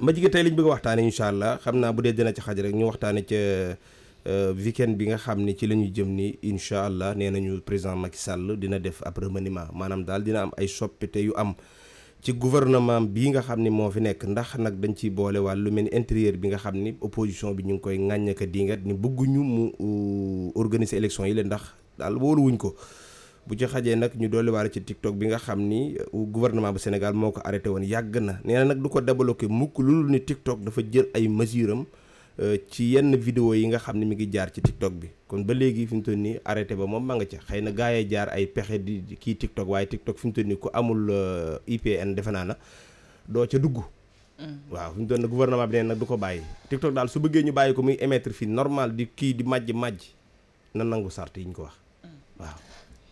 ma jigéen tey liñ bëgg a waxtaanee allah xam naa bu dee dina ci xaj rek ñu waxtaanee ca euh, weekend bi nga xam ni ci la ñu jëm ni incha allah nee nañu président Macky Sall dina def ab remaniement maanaam daal dina am ay soppite yu am ci gouvernement bii nga xam ni moo fi nekk ndax nag dañ ciy boole lu mel ni intérieur bi nga xam ni opposition bi ñu ngi koy ŋàññaka dingat ni bëgguñu mu euh, organiser élection yi la ndax daal wóolu wuñ ko bu ci xajee nag ñu dolli waale ci TikTok bi nga xam ni euh, gouvernement bu Sénégal moo ko arrêté woon yàgg na nee nag du ko débloqué mukk lu ni TikTok dafa jël ay mesure am euh, ci yenn vidéo yi nga xam ne mi ngi jaar ci TikTok bi kon ba léegi fi mu toll nii arrêté ba moom ma nga ca xëy na gaa yee jaar ay pexe di kii TikTok waaye TikTok fi mu toll nii ku amul euh, IPN defe naa na doo ca dugg. Mm. waaw fi mu toll nii gouvernement bi nee nag du ko bàyyi. TikTok daal su bëggee ñu bàyyi ko muy émettre fii normal di kii di màjj màjj na nangu sart yi ko wax mm.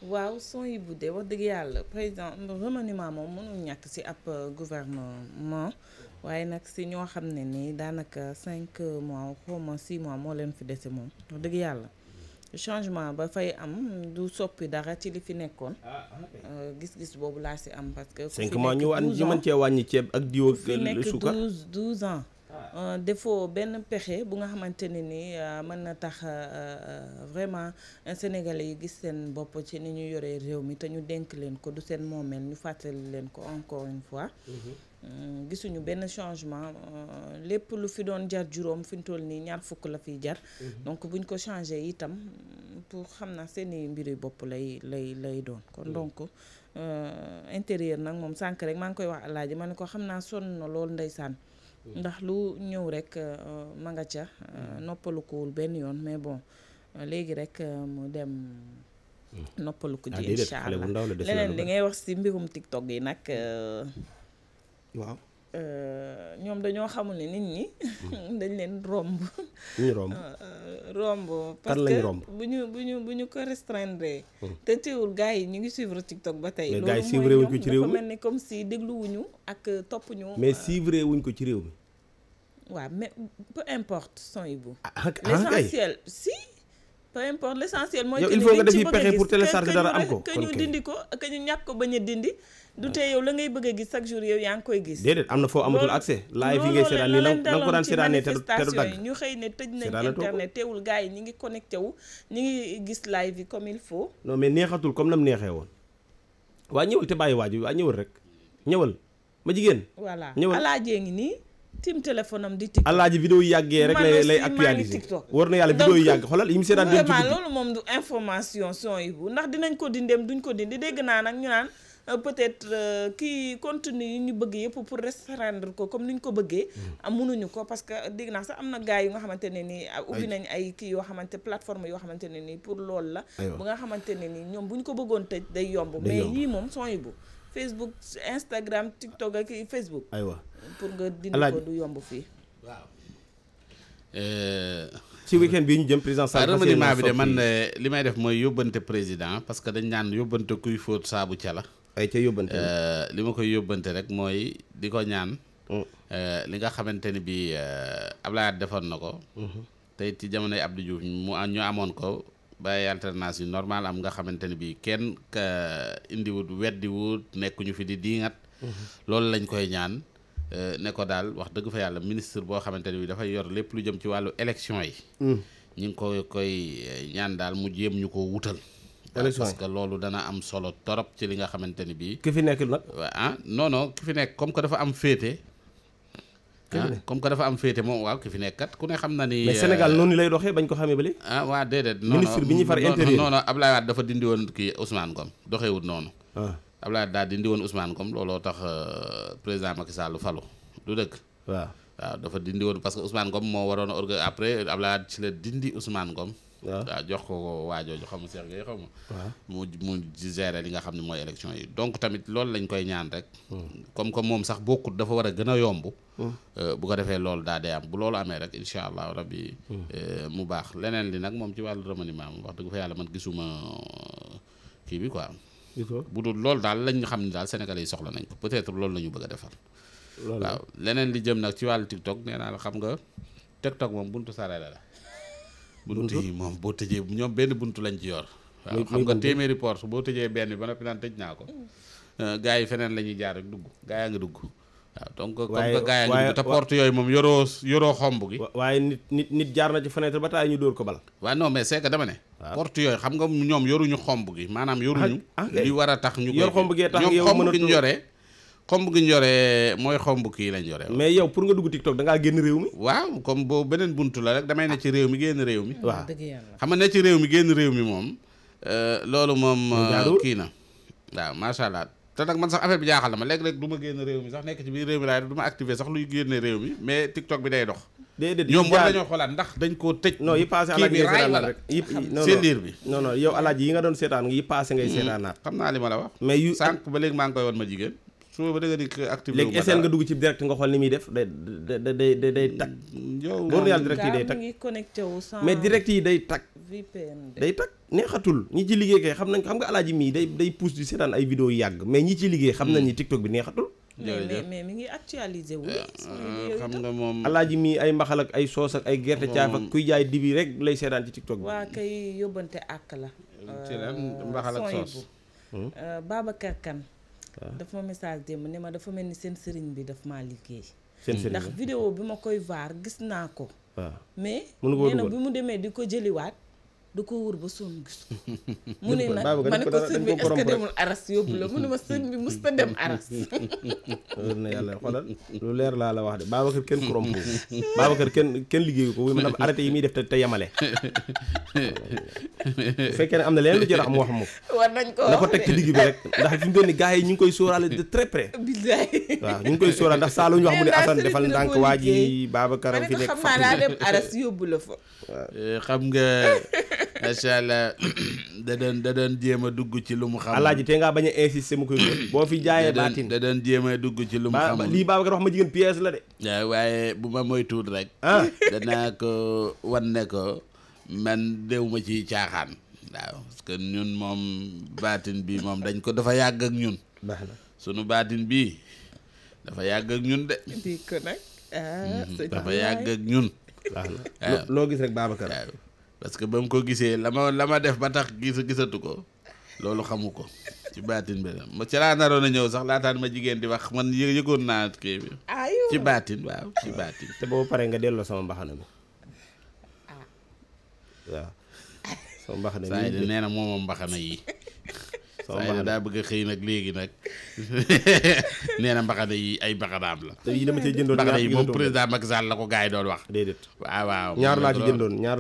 waaw son yi dee wax dëgg yàlla président remaniement moom mënul ñàkk si ab euh, gouvernement waaye nag si ñoo xam ne nii daanaka cinq mois xaw ma six mois moo leen fi dese moom wax dëgg yàlla changement ba fay am du soppi dara ci li fi nekkoon ah, ah, euh, gis-gis boobu laa si am parce que cinq mois ñu wàññi ñu mën cee wàññi ceeb ak diw ak suukar douze douze ans Euh, defoo benn pexe bu nga xamante ne ni euh, mën na tax euh, vraiment sénégalais yi gis seen bopp ci ni ñu yoree réew mi te ñu dénk leen ko du seen moomeel ñu fàttali leen ko encore une fois. Mhm. gisuñu benn changement lépp lu fi doon jar juróom fi mu toll nii ñaar fukk la fiy jar. Mhm. donc buñ ko changé itam pour xam naa seeni mbiri bopp lay lay lay doon. kon mhm. donc intérieur nag moom sànq rek maa ngi koy wax alaaji ma ne ko xam naa sonn na lool ndeysaan. ndax lu ñëw rek euh, ma nga ca euh, mm-hmm. noppalu benn yoon mais bon euh, léegi rek mu dem mm-hmm. noppaluku ko ji ah, incha allah leneen li ngay wax si mbirum tiktok yi nag waaw Euh, ñoom dañoo xamul ne nit ñi. Hmm. dañ leen romb. ñu romb euh, euh, romb. parce que bu ñu bu ñu bu ñu ko restreindre. Hmm. te teewul gars yi ñu ngi suivre TikTok ba tey. mais gars yi suivre wuñ ko ci réew mi mel ni comme si dégluwuñu ak topp ñu. mais wuñ ko ci réew mi. waaw peu importe son yi bu. Ah, ah, ah, l'essentiel si. peu importe l' essentiel mooy yow il faut nga def yi pexe ko que ñu dindi ko que ñu ñàkk ko bañ a dindi du tee yow la ngay bëgg a gis chaque jour yow yaa ngi koy gis live yi nga ko daan seetaanee te du dagg ñu xëy ne tëj nañ internet teewul gars yi ñi ngi connecté wu ñi ngi gis live yi comme il faut non mais neexatul comme nam neexee woon waa ñëwal te bàyyi waaju waa ñëwal rek ñëwal ma jigéen voilà alaajee ngi nii tim téléphone am di tiktok alaaji vidéo yi yàggee rek lay lay actualiser war na yàlla vidéo yi yàgg xoolal yi mu seetaan dem vraiment loolu moom information son yi ndax dinañ ko dindeem duñ ko dindi dégg naa nag ñu naan euh, peut-être euh, kii contenu yi ñu bëgg yëpp pour restreindre ko comme ni ñu ko bëggee mënuñu mm. ah, ko parce que dégg naa sax am na gars yu nga xamante ne nii ah, ubbi nañ ay kii yoo xamante plateforme yoo xamante ne nii pour lool la bu nga xamante ne nii ñoom bu ñu ko bëggoon te day yomb mais yii moom son yi bu Facebook Instagram TikTok ak Facebook. aywa pour nga dindi ko du yomb fii. waaw. Euh, ci weekend bi ñu jëm président Sall. man euh, li may def mooy yóbbante président parce que dañ naan yóbbante kuy fóot saabu cala. ay ca yóbbante euh, li ma koy yóbbante rek mooy di ko ñaan. Mm. li nga xamante ni bii Ablaye defoon na ko. Mm-hmm. tey ci jamonoy Abdou Diouf ñu amoon ko. bàyyi alternance yu normal am nga xamante ni bii kenn ka indiwut weddiwut nekkuñu fi di diingat mhm. loolu lañ koy ñaan euh, ne ko daal wax dëgg fa yàlla ministre boo xamante ni bii dafay yor lépp lu jëm ci wàllu élection yi mm. ñu ngi ko koy euh, ñaan daal mu jéem ñu ko wutal parce que loolu dana am solo torop ci li nga xamante ni bii ki fi nekk nag ah non ki fi nekk comme que dafa am féete Ah, comme que dafa am féete moom waaw ki fi nekk kat ku ne xam na ni. mais Sénégal euh, noonu lay doxee bañ ko xamee ba léegi. ah waa déedéet. ministre bi ñuy far intérieur dafa dindi woon kii Ousmane Ngom doxewut noonu. waaw ah. Ablaye Wade daal dindi woon Ousmane Ngom looloo tax euh, président Macky saalu falu du dëkk. waaw waaw dafa dindi woon parce que Ousmane Ngom moo waroon a orga après Ablaye Wade ci la dindi Ousmane Ngom. waaw jox ko waajooju xamu Cheikh Gueye xamu mu mu gérer li nga xam ne mooy élection yi donc tamit loolu lañ koy ñaan rek hmm. comme que moom sax boo bokkut dafa war a gën a yomb hmm. euh, bu ko defee loolu daa dee am bu loolu amee rek incha allah rabbi hmm. euh, mu baax leneen li nag moom ci wàllu remaniement moom wax dëgg fa yàlla man gisuma euh, kii bi quoi bu dul loolu daal lañ xam ne daal sénégal yi soxla nañ ko peut-être loolu la ñu bëgg a defar waaw leneen li jëm nag ci wàllu TikTok nee naa la xam nga TikTok moom buntu saree la la bunt yi moom boo tëjee ñoom benn bunt lañ ci yor waaw xam nga téeméeri porte boo tëjee benn bi ba noppi naan tëj naa ko mm. euh, gaa yi feneen la ñuy jaar rek dugg gaa yaa ngi dugg waaw donc comme gaa yaa nga dugg te porte yooyu moom yoroo yoroo xomb gi waaye nit nit nit jaar na ci fenêtre ba taay ñu dóor ko bal waa non mais c'est que dama ne porte yooyu xam nga ñoom yoruñu xomb gi maanaam yoruñu ah, ah, li war a tax ñu yor xomb gee tax ñoom xomb gi ñu yore xomb gi ñu yore mooy xomb kii lañ yore. mais yow pour nga dugg TikTok da ngaa génn réew mi. waaw comme boobu beneen buntu la rek damay ne ci réew mi génn réew mi. waaw xam nga ne réew mi génn réew mi moom. Euh, loolu moom. Euh, kii na waaw macha allah. te nag man sax affaire bi jaaxal na ma léeg-léeg du ma génn réew mi sax nekk ci biir réew mi laay du ma activé sax luy génne réew mi mais TikTok bi day dox. déedéet ñoom war nañoo xoolaat ndax dañ koo tëj. non yi paase alaaj ngay seetaanaat doon seetaan yi paase ngay hmm. seetaanaat. xam naa li ma la wax. suba ba léegi di active léegi essayé nga dugg ci direct nga xool ni muy def day day day day day tag. Mm, yow loolu direct yi day tag neexatul ñi ci liggéey kay xam nañ xam nga alaaji mii day day pousse di seetaan ay vidéo yu yàgg mais ñi ci liggéey xam na ni mm. TikTok bi neexatul. mais mais mi ngi actualisé wu. Mm, xam nga moom alaaji mii ay mbaxal ak ay soos ak ay gerte caaf ak kuy jaay dibi rek lay seetaan ci TikTok bi. waa kay yóbbante àkk la. ci euh, mbaxal ak soos hmm? euh, Babacar Kane Euh. dafa ma message démb ne ma dafa mel ni seen sëriñ bi dafa maa liggéey. seen sëriñ ndax vidéo bi ma koy vaar gis naa ko. waaw ah. mais nee na bi mu demee di ko jëliwaat. ko wër ba sonn mu ne nag ma ne ko sëñ bi est-ce que demul aras yóbbu la mu ne ma sëñ bi mës dem aras. na yàlla xoolal lu leer laa la wax de Babacar kenn korompo Babacar kenn kenn liggéeyu ko wuy maanaam arrêté yi muy def te yemale. bu fekkee ne am na leen lu ci rax mu wax moom. war nañ ko wax na ko rek ndax fi mu toll nii gars yi ñu ngi koy waaw ñu ngi koy sóoraale ndax saa lu ñu wax mu ne defal ndànk waa ji Babacar fi nekk xam naa daa dem aras yóbbu la eh, xam nga macha da doon da doon jéem a dugg ci lu mu xam. te ngaa bañ a insister mu boo fi jaayee baatin da doon jéem a dugg ci lu mu xam. ma jigéen pièce la de. Eh, waaye bu ma moytuwul rek. Ah. danaa ko wan ne ko man déwuma ci caaxaan waaw parce ñun moom baatin bi moom dañ ko dafa yàgg ak ñun sunu baatin bii dafa yàgg ak ñun de di ah, mhm, dafa yàgg ak ñun waaw loo gis rek Babacar parce que ba mu ko gisee la ma la ma def ba tax gis gisatu ko loolu xamu ko ci baatin bi la ma ca laa naroon a ñëw sax laataan ma jigéen di wax man yëgoon naa kii bi ci baatin waaw ci baatin te boo paree nga delloo sama mbaxane mi waaw. soo mbaxane saa yi nee na moomam mbaxana yi. soo mbaxane daa bëgg xëy nag léegi nag nee na mbaxana yi ay mbaxanaam la. te yi dama cee jëndoon ñaar mbaxana moom président Macky Sall la ko gars yi wax. déedéet waaw waaw. laa ci jëndoon ñaar